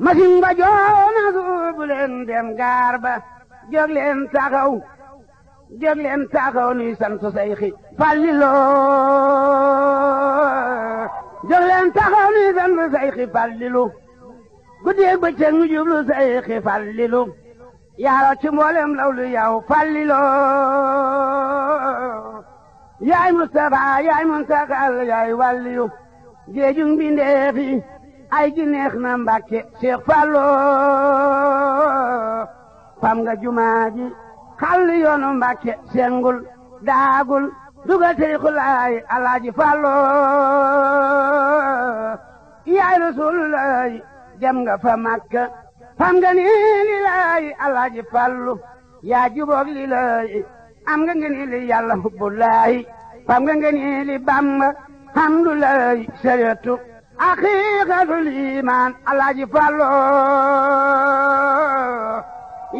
ma ba joona suubu leen dem gaar ba jóg leen taxaw jóg leen taxaw nuy sant sayxi Fallilo jóg leen taxaw nuy sant sayxi Fallilu guddeeg bëccëg ñu jublu sayxi Fallilu yaaro ci law lu yow Fallilo yaay Mustafa yaay Muntakal yaay wàlliyu géejug mbindeef ay gi na mbàkke Cheikh Fallo fam nga jumaa ji xàll yoonu mbàkke sengul daagul dugal tariixu laay alaaji yaay rasulullaay jam nga fa Makka fam nga ni li laay Fallu yaa juboog li am nga ngeen li yàlla hubbu fam nga ngeen li Bàmba hamdulaay sariyatu haqiqatul iman alaaji Fallu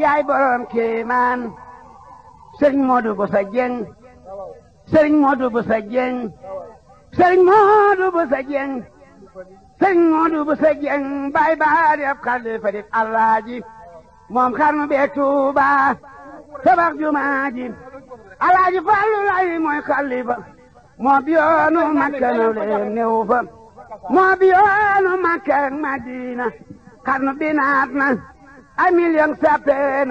yaay borom kéemaan sëriñ Modou Boussa Dieng sëriñ Modou Boussa Dieng sëriñ Modou Boussa Dieng bay baa ab xalifa di moom xarnu beeg Tuuba tabax jumaa ji alaaji lay mooy xalifa moom yoonu Makka new leen néew fa moo bi yoonu Makka ak Madina ay million sappee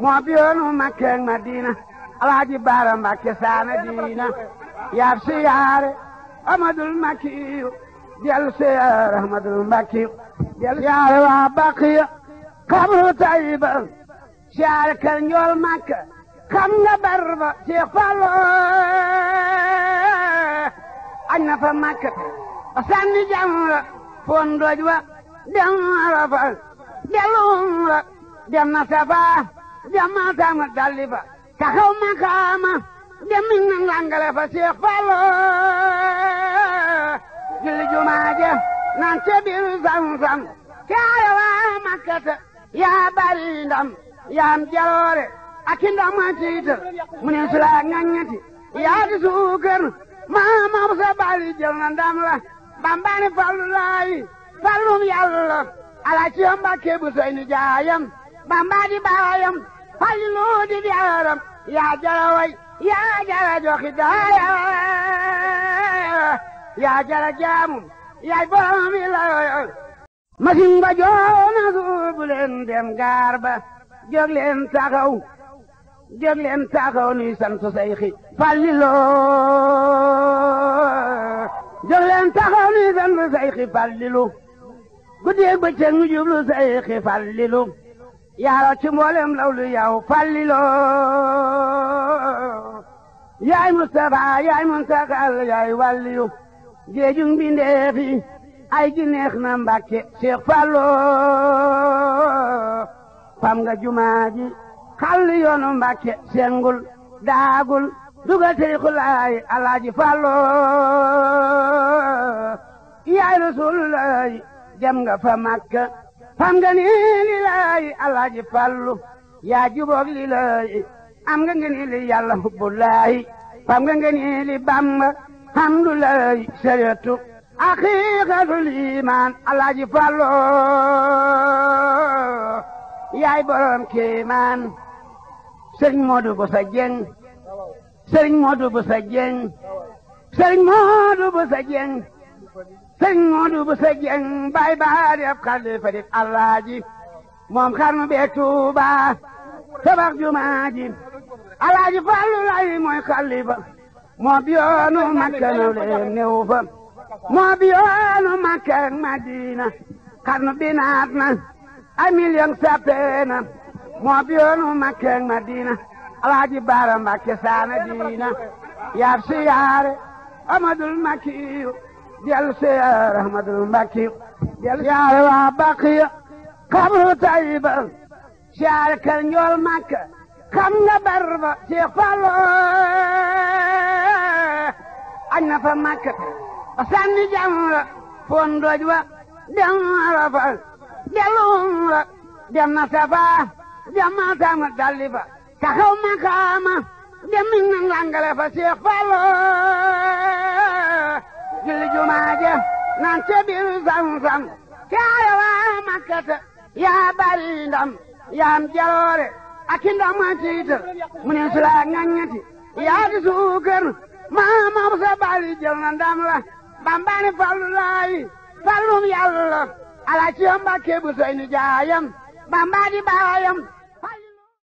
moo bi yoonu Makka Alaaji Baara Mbàkke saana diina yaab siyaare Amadul Makkiyu dellu siyaare Amadul Mbàkkiyu dellu siyaare waa Baqiya xabru Tayiba siyaare kër njool Makka xam nga barba Seex Fallu añ na fa Makka sànni jamra fon doj wa dem Arafat dellu umra dem na Safaa dem ma tama dalli fa taxaw makaama dem na langale fa Seex Fallu julli jumaa ja naan ca biir sam-sam kaaya waa makkata yaa bari ndam yaa am jaloore ndam ma tiital mu ne su laa ngañati yaa di suukar maa ma sa bari jël na ndam la Bamba ni fallu fallum yàlla alaaji Mbàkke bu sey ni jaayam Bamba di baayam fallu di jaaram yaa jara way yaa jara joxi daaya yaa jara jaamu yaay borom yi la masin ba joona suubu leen dem gaar ba leen taxaw jóg leen taxaw nuy sant Seyxi Falilu jóg leen taxaw ni sant Seyxi Fallilu guddeeg bëccëg ñu jublu Seyxi Fallilu yaaro ci mboolem lawlu yow Fallilu yaay Mustafa yaay Muntakal yaay wàlliyu géejug mbindeef yi ay gi neex na Mbàkke Seex Fallu fam nga jumaa ji xàll yoonu Mbàkke sengul daagul dugal tariixu laay alaaji Fàllu yaay rasuulullaay dem nga fa Makka xam nga ni li laay alaaji Fàllu yaa juboog li laay am nga nga ni li yàlla hubbu laay xam nga nga ni li Bàmba hamdu laay sariyatu aqiiqatul iimaan alaaji Fàllu yaay borom kéemaan sëñ Moodu Busa Jeng sëriñ Modou Bousso Dieng sëriñ Modou Bousso Dieng sëriñ Modou Bousso Dieng bay baa di ab di alaaji moom xarnu beeg Tuuba tabax jumaa ji alaaji Fallu lay mooy xalifa moo bi yoonu Makka naw leen néew fa moo bi yoonu Makka ak Madina xarnu bi naat na ay million sappee na moo bi yoonu Makka ak Madina alaaji baara mbàkke saana diina yaab siyaare amadul makkiyu del siyaare amadul makkiyu del siyaare waa baqiya xabru tayiba siyaare kër njool makka xam nga barba seex fallu añ fa makka ba sànni jamra foon doj wa dem arafa delum ra dem na safa dem ma tama dalli ba taxaw makaama dem nañ langale fa Seex Fallu julli jumaa ja naan ca biir waa Makkata yaa bari ndam yaa jaloore ak ndam a tiital mu ne su la yaa di suukar maa moom sa jël na ndam la bambani Fallu laayi fallum yàlla ala ci Mbàkke bu sey ni jaayam bamba di baayam